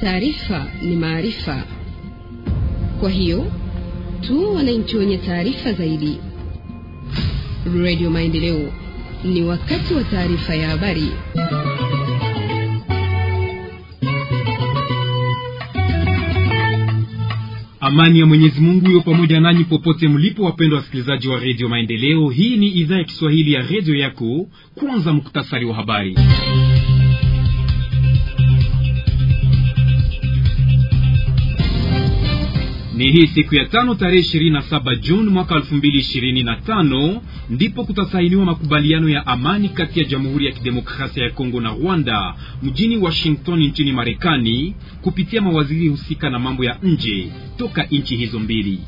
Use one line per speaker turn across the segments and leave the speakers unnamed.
Taarifa ni maarifa, kwa hiyo tu wananchi wenye taarifa zaidi. Radio Maendeleo, ni wakati wa taarifa ya habari.
Amani ya Mwenyezi Mungu pamoja nanyi popote mlipo, wapendwa wasikilizaji wa Redio Maendeleo. Hii ni idhaa ya Kiswahili ya redio yako. Kwanza muktasari wa habari Ni hii siku ya tano tarehe 27 Juni mwaka tano ndipo kutasainiwa makubaliano ya amani kati ya Jamhuri ya Kidemokrasia ya Kongo na Rwanda mjini Washington nchini Marekani kupitia mawaziri husika na mambo ya nje toka nchi hizo mbili.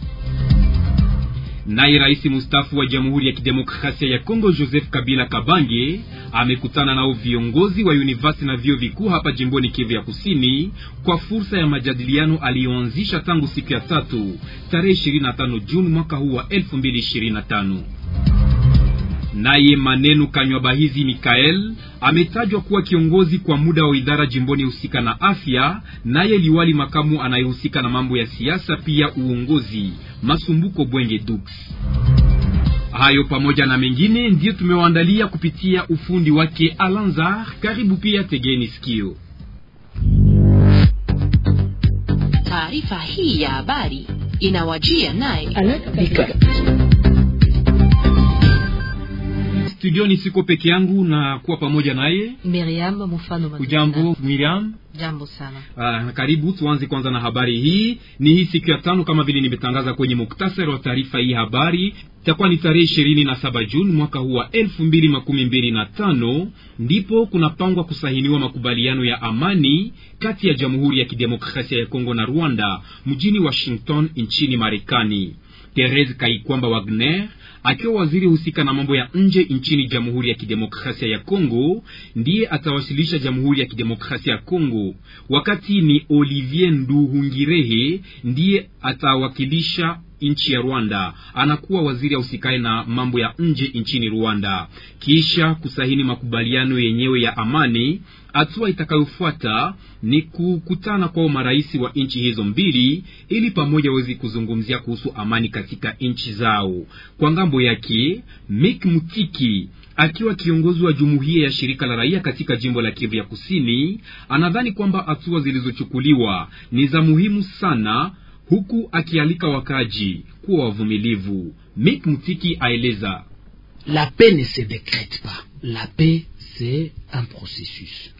Naye rais mustafu wa Jamhuri ya Kidemokrasia ya Kongo Joseph Kabila Kabange amekutana nao viongozi wa university na vyuo vikuu hapa jimboni Kivu ya Kusini kwa fursa ya majadiliano aliyoanzisha tangu siku ya tatu tarehe 25 Juni mwaka huu wa 2025. Naye Manenu Kanywabahizi Mikael ametajwa kuwa kiongozi kwa muda wa idara jimboni husika na afya, naye liwali makamu anayehusika na mambo ya siasa pia uongozi Masumbuko Bwenge Dux. Hayo pamoja na mengine ndiyo tumewaandalia kupitia ufundi wake Alanzar. Karibu pia, tegeni sikio
taarifa hii ya habari inawajia naye
studioni siko peke yangu na kuwa pamoja naye
Miriam Mfano Madina.
Ujambo Miriam? Jambo sana. Ah, karibu tuanze kwanza na habari hii. Ni hii siku ya tano kama vile nimetangaza kwenye muktasari wa taarifa hii habari itakuwa ni tarehe ishirini na saba Juni mwaka huu wa elfu mbili makumi mbili na tano ndipo kunapangwa kusahiniwa makubaliano ya amani kati ya Jamhuri ya Kidemokrasia ya Kongo na Rwanda mjini Washington nchini Marekani. Therese Kaikwamba Wagner akiwa waziri husika na mambo ya nje nchini Jamhuri ya Kidemokrasia ya Kongo, ndiye atawasilisha Jamhuri ya Kidemokrasia ya Kongo, wakati ni Olivier Nduhungirehe ndiye atawakilisha nchi ya Rwanda, anakuwa waziri ausikae na mambo ya nje nchini Rwanda, kisha kusahini makubaliano yenyewe ya amani Hatua itakayofuata ni kukutana kwao marais wa nchi hizo mbili ili pamoja waweze kuzungumzia kuhusu amani katika nchi zao. Kwa ngambo yake, Mick Mutiki akiwa kiongozi wa jumuiya ya shirika la raia katika jimbo la Kivu ya Kusini, anadhani kwamba hatua zilizochukuliwa ni za muhimu sana, huku akialika wakaji kuwa wavumilivu. Mick Mutiki aeleza:
La paix ne se decrete pas. La paix c'est un processus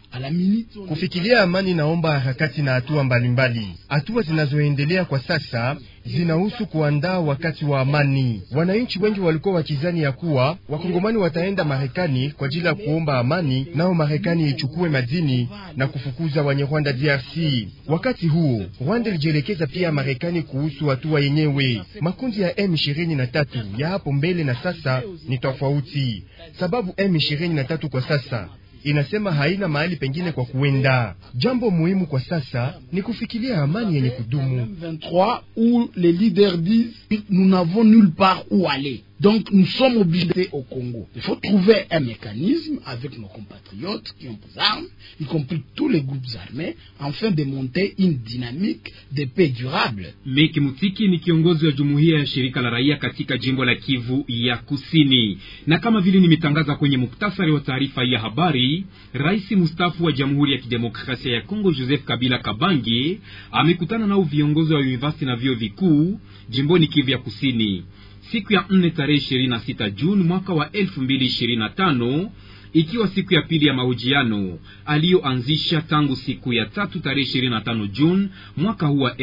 Kufikilia amani naomba harakati na hatua mbalimbali. Hatua zinazoendelea kwa sasa zinahusu kuandaa wakati wa amani. Wananchi wengi walikuwa wakizani ya kuwa wakongomani wataenda Marekani kwa ajili ya kuomba amani, nao Marekani ichukue madini na kufukuza wenye Rwanda DRC. Wakati huo Rwanda ilijielekeza pia Marekani kuhusu hatua yenyewe. Makundi ya M23 ya hapo mbele na sasa ni tofauti, sababu M23 kwa sasa inasema haina mahali pengine kwa kuenda. Jambo muhimu kwa sasa ni kufikiria amani yenye kudumu. 23
ou les leaders disent nous n'avons nulle
part où aller. Donc nous sommes obligés au Congo. Il faut trouver un mécanisme avec nos compatriotes qui ont des armes, y compris tous les groupes armés, afin de monter une dynamique de paix durable.
Miki Mutiki ni kiongozi wa jumuiya ya shirika la raia katika jimbo la Kivu ya Kusini. Na kama vile nimetangaza kwenye muktasari wa taarifa ya habari, Raisi mstaafu wa Jamhuri ya Kidemokrasia ya Kongo Joseph Kabila Kabange amekutana na viongozi wa university na vyuo vikuu jimboni Kivu ya Kusini. siku ya 4 tarehe 26 Juni mwaka wa 2025 ikiwa siku ya pili ya mahojiano aliyoanzisha tangu siku ya tatu tarehe tano Juni mwaka huu wa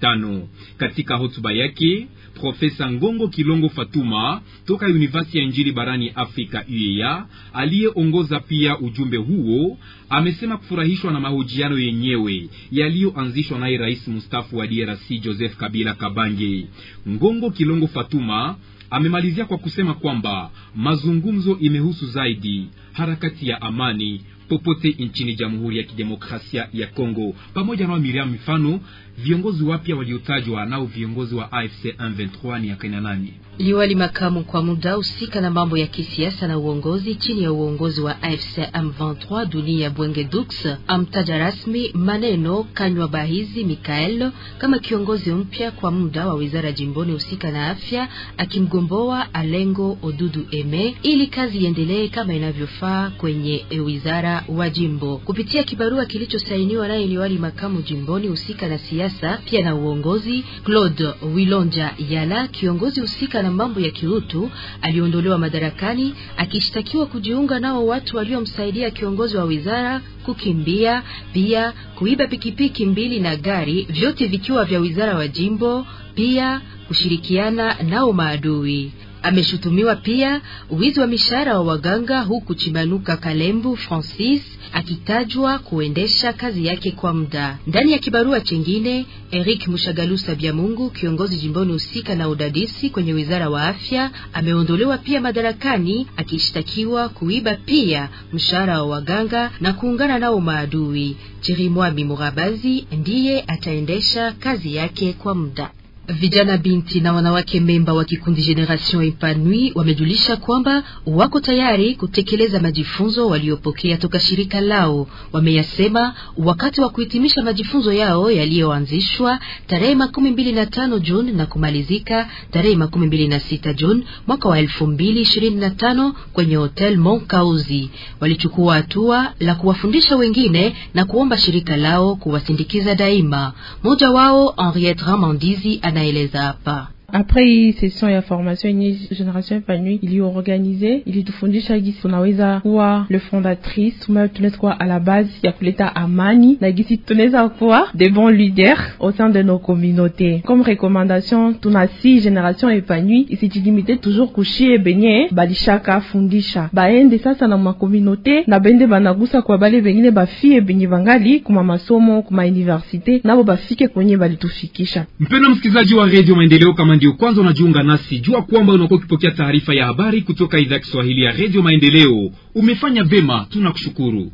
tano. Katika hotuba yake Profesa Ngongo Kilongo Fatuma toka Univasiti ya Injili barani Afrika UEA, aliyeongoza pia ujumbe huo, amesema kufurahishwa na mahojiano yenyewe yaliyoanzishwa naye rais mustafu wa DRC Joseph Kabila Kabange. Ngongo Kilongo Fatuma Amemalizia kwa kusema kwamba mazungumzo imehusu zaidi harakati ya amani popote nchini Jamhuri ya Kidemokrasia ya Kongo, pamoja na Miriam mifano viongozi wapya waliotajwa nao viongozi wa AFC M23 ni akina nani?
Liwali makamu kwa muda husika na mambo ya kisiasa na uongozi chini ya uongozi wa AFC M23 Dunia Bwenge Dux amtaja rasmi Maneno Kanywa Bahizi Mikael kama kiongozi mpya kwa muda wa wizara jimboni husika na afya, akimgomboa Alengo Odudu Eme ili kazi iendelee kama inavyofaa kwenye wizara wa jimbo. Kupitia kibarua kilichosainiwa naye liwali makamu jimboni husika na siasa pia na uongozi Claude Wilonja Yala, kiongozi husika na mambo ya kiutu aliondolewa madarakani akishtakiwa kujiunga nao watu waliomsaidia kiongozi wa wizara kukimbia, pia kuiba pikipiki mbili na gari, vyote vikiwa vya wizara wa jimbo, pia kushirikiana nao maadui. Ameshutumiwa pia wizi wa mishahara wa waganga, huku Chimanuka Kalembu Francis akitajwa kuendesha kazi yake kwa muda. Ndani ya kibarua chengine, Eric mushagalusa byamungu kiongozi jimboni husika na udadisi kwenye wizara wa afya, ameondolewa pia madarakani akishtakiwa kuiba pia mshahara wa waganga na kuungana nao maadui. Chirimwami Murabazi ndiye ataendesha kazi yake kwa muda. Vijana binti na wanawake memba wa kikundi Generation Epanui wamejulisha kwamba wako tayari kutekeleza majifunzo waliopokea toka shirika lao. Wameyasema wakati wa kuhitimisha majifunzo yao yaliyoanzishwa tarehe makumi mbili na tano Juni na kumalizika tarehe makumi mbili na sita Juni mwaka wa elfu mbili ishirini na tano kwenye Hotel Mont Kauzi. Walichukua hatua la kuwafundisha wengine na kuomba shirika lao kuwasindikiza daima. Mmoja wao Henriette Ramandizi anaeleza hapa. Après
session ya formation Generation Panui iliyoorganize ilitufundisha gisi tunaweza kuwa le fondatrice, tunaweza kuwa à la base ya kuleta amani na gisi tunaweza kuwa de bons leaders au sein de nos communautés. Comme recommandation si Generation Epanui isijilimite toujours kushie benye balishaka fundisha baende sasa na ma communauté na bende banagusa kwa bale bengine bafie benye bangali kuma masomo kuma universite nabo bafike kwenye balitufikisha.
Mpena msikizaji wa Radio Maendeleo kama ndio kwanza unajiunga nasi, jua kwamba unakuwa ukipokea taarifa ya habari kutoka idhaa ya Kiswahili ya redio Maendeleo. Umefanya vema, tunakushukuru.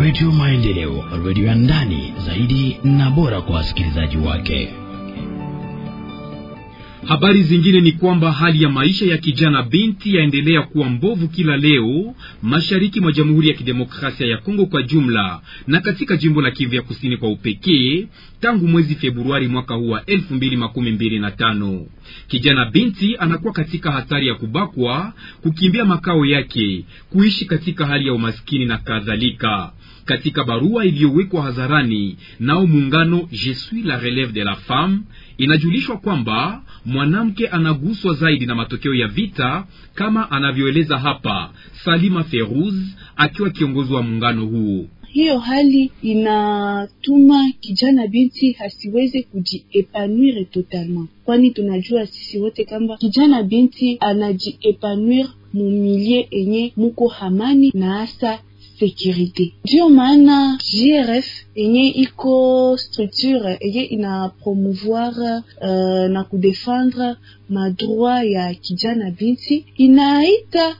Redio Maendeleo,
redio ya ndani zaidi na bora kwa wasikilizaji
wake. Habari zingine ni kwamba hali ya maisha ya kijana binti yaendelea kuwa mbovu kila leo mashariki mwa Jamhuri ya Kidemokrasia ya Kongo kwa jumla na katika jimbo la Kivu ya Kusini kwa upekee tangu mwezi Februari mwaka huu wa 2025. Kijana binti anakuwa katika hatari ya kubakwa, kukimbia makao yake, kuishi katika hali ya umaskini na kadhalika. Katika barua iliyowekwa hadharani nao muungano Je suis la relève de la femme inajulishwa kwamba mwanamke anaguswa zaidi na matokeo ya vita, kama anavyoeleza hapa Salima Feruz akiwa kiongozi wa muungano huu.
Hiyo hali inatuma kijana binti hasiweze kujiepanwire totalement, kwani tunajua sisi wote kwamba kijana binti anajiepanwire mumilie enye muko hamani na hasa security. Ndiyo maana GRF yenye iko structure yenye ina promouvoir euh, na ma droit ya kijana binti inaita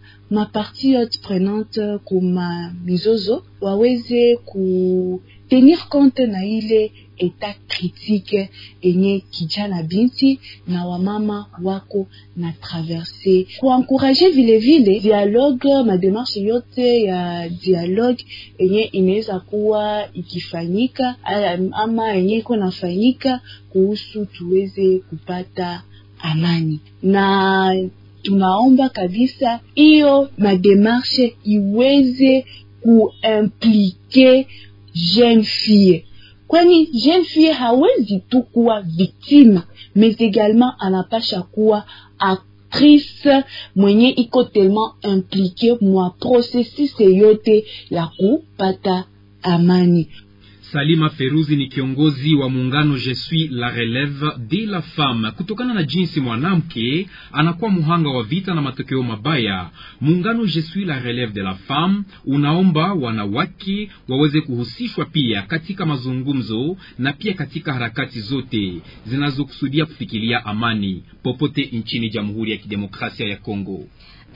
partie haute prenante ma mizozo waweze ku tenir compte na ile eta critique enye kijana binti na wamama wako na traverse, kuankuraje vilevile dialogue, mademarshe yote ya dialogue enye inaweza kuwa ikifanyika ama enye iko nafanyika kuhusu tuweze kupata amani na tunaomba kabisa hiyo mademarshe iweze kuimplike jeune fille, kwani jeune fille hawezi tu kuwa victime mais également anapasha kuwa actrice mwenye iko tellement impliqué mwa processus yote ya kupata amani.
Salima Feruzi ni kiongozi wa muungano Je suis la relève de la femme. Kutokana na jinsi mwanamke anakuwa muhanga wa vita na matokeo mabaya, muungano Je suis la relève de la femme unaomba wanawake waweze kuhusishwa pia katika mazungumzo na pia katika harakati zote zinazokusudia kufikilia amani popote nchini Jamhuri ya Kidemokrasia ya Kongo.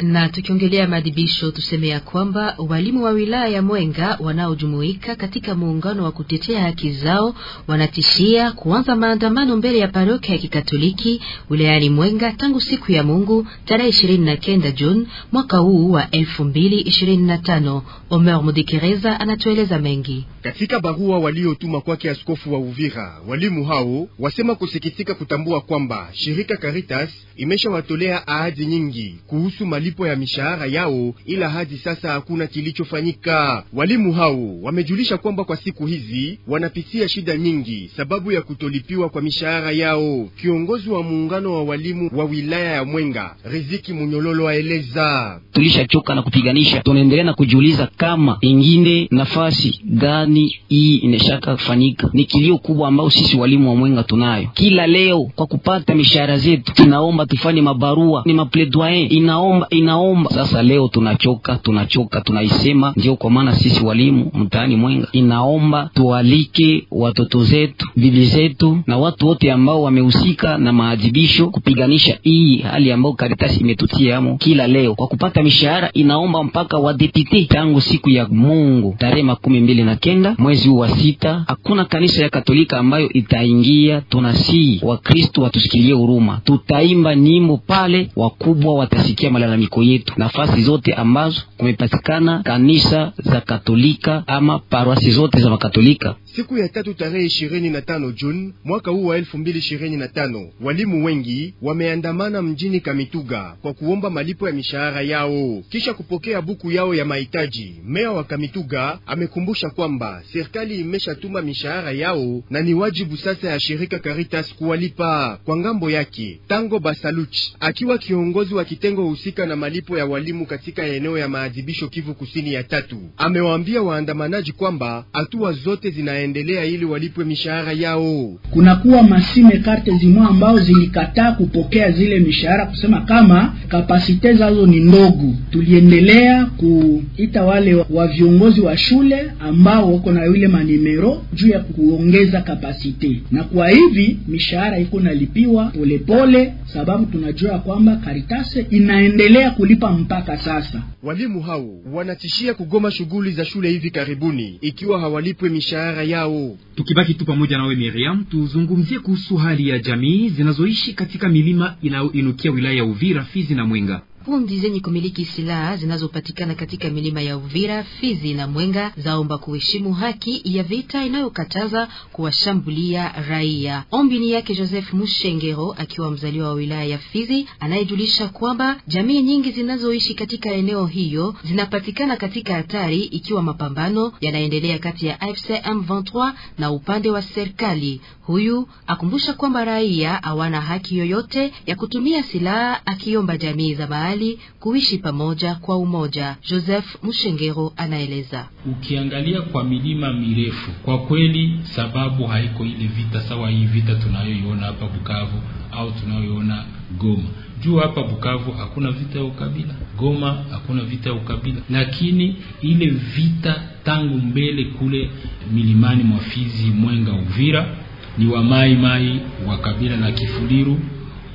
Na tukiongelea maadhibisho, tuseme ya kwamba walimu wa wilaya ya Mwenga wanaojumuika katika muungano wa kutetea haki zao wanatishia kuanza maandamano mbele ya parokia ya Kikatoliki wilayani Mwenga tangu siku ya Mungu tarehe 29 Juni mwaka huu wa 2025. Omer Mudikereza anatueleza mengi.
Katika barua waliotuma kwake askofu wa Uvira, walimu hao wasema kusikitika kutambua kwamba shirika Caritas imeshawatolea ahadi nyingi kuhusu malipo ya mishahara yao, ila hadi sasa hakuna kilichofanyika. Walimu hao wamejulisha kwamba kwa siku hizi wanapitia shida nyingi sababu ya kutolipiwa kwa mishahara yao. Kiongozi wa muungano wa walimu wa wilaya ya Mwenga, Riziki Munyololo, aeleza:
tulishachoka na kupiganisha, tunaendelea na kujiuliza kama ingine nafasi gani kwani hii inashaka kufanyika. Ni kilio kubwa ambao sisi walimu wa Mwenga tunayo kila leo kwa kupata mishahara zetu, tunaomba tufanye mabarua, ni mapledoyer inaomba inaomba. Sasa leo tunachoka, tunachoka, tunaisema. Ndio kwa maana sisi walimu mtaani Mwenga inaomba tualike watoto zetu, bibi zetu na watu wote ambao wamehusika na maadhibisho kupiganisha hii hali ambayo Karitasi imetutia hamo kila leo kwa kupata mishahara, inaomba mpaka wadepite tangu siku ya Mungu tarehe makumi mbili na kenda kenda mwezi wa sita, hakuna kanisa ya Katolika ambayo itaingia. Tunasii Wakristo watusikilie huruma, tutaimba nyimbo pale, wakubwa watasikia malalamiko yetu. Nafasi zote ambazo kumepatikana kanisa za Katolika ama parwasi zote za Makatolika
Siku ya tatu tarehe ishirini na tano Juni mwaka huu wa elfu mbili ishirini na tano walimu wengi wameandamana mjini Kamituga kwa kuomba malipo ya mishahara yao kisha kupokea buku yao ya mahitaji. Meya wa Kamituga amekumbusha kwamba Serikali imeshatuma mishahara yao na ni wajibu sasa ya shirika Caritas kuwalipa kwa ngambo yake. Tango Basaluchi akiwa kiongozi wa kitengo husika na malipo ya walimu katika eneo ya maadhibisho Kivu Kusini ya tatu, amewaambia waandamanaji kwamba hatua zote zinaendelea ili walipwe mishahara yao.
Kunakuwa mashine karte zimwa ambao zilikataa kupokea zile mishahara kusema kama kapasite zazo ni ndogo. Tuliendelea kuita wale wa viongozi wa shule ambao uko na yule manimero juu ya kuongeza kapasite, na kwa hivi mishahara iko nalipiwa
polepole, sababu tunajua kwamba Karitase inaendelea kulipa mpaka sasa. Walimu hao wanatishia kugoma shughuli za shule hivi karibuni ikiwa hawalipwe mishahara yao.
Tukibaki tu pamoja nawe Miriam, tuzungumzie kuhusu hali ya jamii zinazoishi katika milima inayoinukia wilaya ya Uvira, Fizi na Mwenga
kundi zenye kumiliki silaha zinazopatikana katika milima ya Uvira, Fizi na Mwenga zaomba kuheshimu haki ya vita inayokataza kuwashambulia raia. Ombi ni yake Joseph Mushengero akiwa mzaliwa wa wilaya ya Fizi, anayejulisha kwamba jamii nyingi zinazoishi katika eneo hiyo zinapatikana katika hatari ikiwa mapambano yanaendelea kati ya AFC M23 na upande wa serikali. Huyu akumbusha kwamba raia hawana haki yoyote ya kutumia silaha, akiomba jamii za mahali kuishi pamoja kwa umoja. Joseph Mushengero anaeleza.
Ukiangalia kwa milima mirefu, kwa kweli sababu haiko ile vita sawa, hii vita tunayoiona hapa Bukavu au tunayoiona Goma. Juu hapa Bukavu hakuna vita ya ukabila, Goma hakuna vita ya ukabila, lakini ile vita tangu mbele kule milimani mwa Fizi, Mwenga, Uvira ni wa maimai wa kabila la Kifuliru,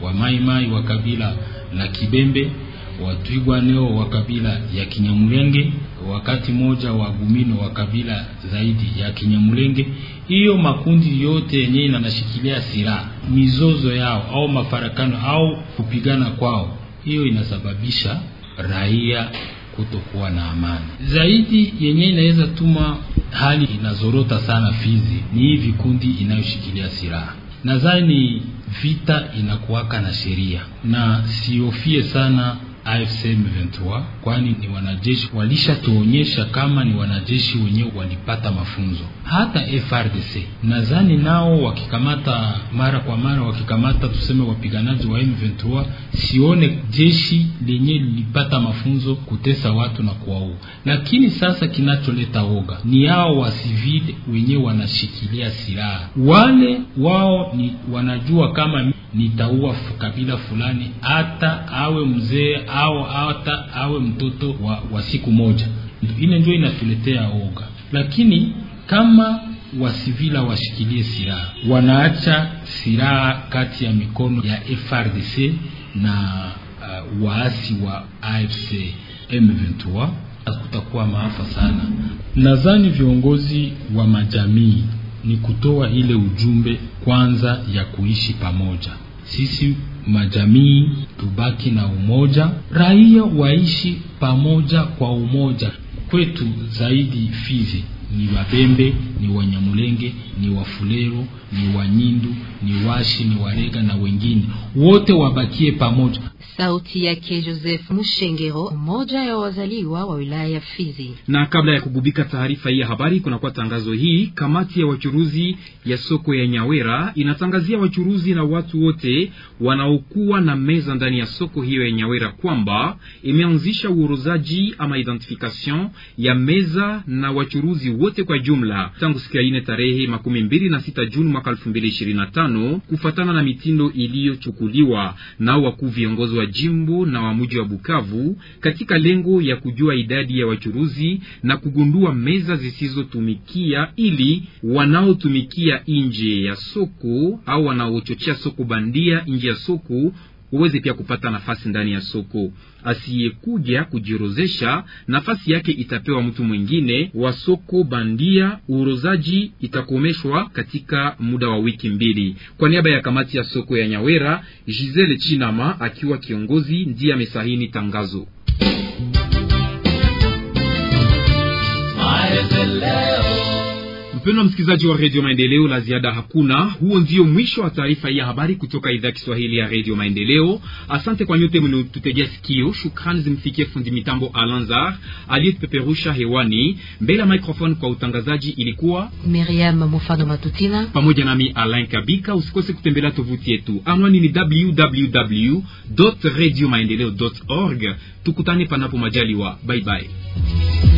wa maimai wa kabila la Kibembe, Watwigwa neo wa kabila ya Kinyamulenge, wakati moja wa Gumino wa kabila zaidi ya Kinyamulenge. Hiyo makundi yote yenye inashikilia silaha, mizozo yao au mafarakano au kupigana kwao, hiyo inasababisha raia kutokuwa na amani zaidi. yenye inaweza tuma hali inazorota sana Fizi ni hii vikundi inayoshikilia silaha. Nadhani vita inakuwaka na sheria, na siofie sana AFC M23, kwani ni wanajeshi walishatuonyesha kama ni wanajeshi wenyewe walipata mafunzo. Hata FRDC nadhani nao wakikamata mara kwa mara, wakikamata tuseme wapiganaji wa M23, sione jeshi lenye lilipata mafunzo kutesa watu na kuwaua. Lakini sasa kinacholeta woga ni hao wa civil wenyewe wanashikilia silaha, wale wao ni wanajua kama nitaua kabila fulani, hata awe mzee au hata awe mtoto wa, wa siku moja. Ile ndio inatuletea oga, lakini kama wasivila washikilie silaha, wanaacha silaha kati ya mikono ya FRDC na uh, waasi wa AFC M23, kutakuwa maafa sana. Nadhani viongozi wa majamii ni kutoa ile ujumbe kwanza ya kuishi pamoja sisi majamii tubaki na umoja, raia waishi pamoja kwa umoja. Kwetu zaidi Fizi ni Wabembe, ni Wanyamulenge, ni Wafulero, ni Wanyindu, ni Washi, ni Warega na wengine wote wabakie pamoja.
Sauti yake Joseph Mushengero, mmoja ya wazaliwa wa wilaya ya Fizi.
Na kabla ya kugubika taarifa hii ya habari, kunakuwa tangazo hii. Kamati ya wachuruzi ya soko ya Nyawera inatangazia wachuruzi na watu wote wanaokuwa na meza ndani ya soko hiyo ya Nyawera kwamba imeanzisha uorozaji ama identification ya meza na wachuruzi wote kwa jumla tangu siku ya ine tarehe makumi mbili na sita Juni mwaka elfu mbili ishirini na tano kufatana na mitindo iliyochukuliwa nao wakuu viongozi wa jimbo na wa mji wa Bukavu katika lengo ya kujua idadi ya wachuruzi na kugundua meza zisizotumikia ili wanaotumikia nje ya soko au wanaochochea soko bandia nje ya soko uweze pia kupata nafasi ndani ya soko. Asiyekuja kujirozesha, nafasi yake itapewa mtu mwingine wa soko bandia. Urozaji itakomeshwa katika muda wa wiki mbili. Kwa niaba ya kamati ya soko ya Nyawera, Gisele Chinama akiwa kiongozi ndiye amesahini tangazo. Mpendwa msikilizaji wa redio Maendeleo, la ziada hakuna. Huo ndio mwisho wa taarifa hii ya habari kutoka idhaa ya Kiswahili ya redio Maendeleo. Asante kwa nyote mliotutegea sikio. Shukrani zimfikie fundi mitambo Alanzar aliyetupeperusha hewani. Mbele ya microphone kwa utangazaji ilikuwa
Miriam Mufano Matutina pamoja
nami Alain Kabika. Usikose kutembelea tovuti yetu, anwani ni www radio maendeleo org. Tukutane panapo majaliwa. Baibai.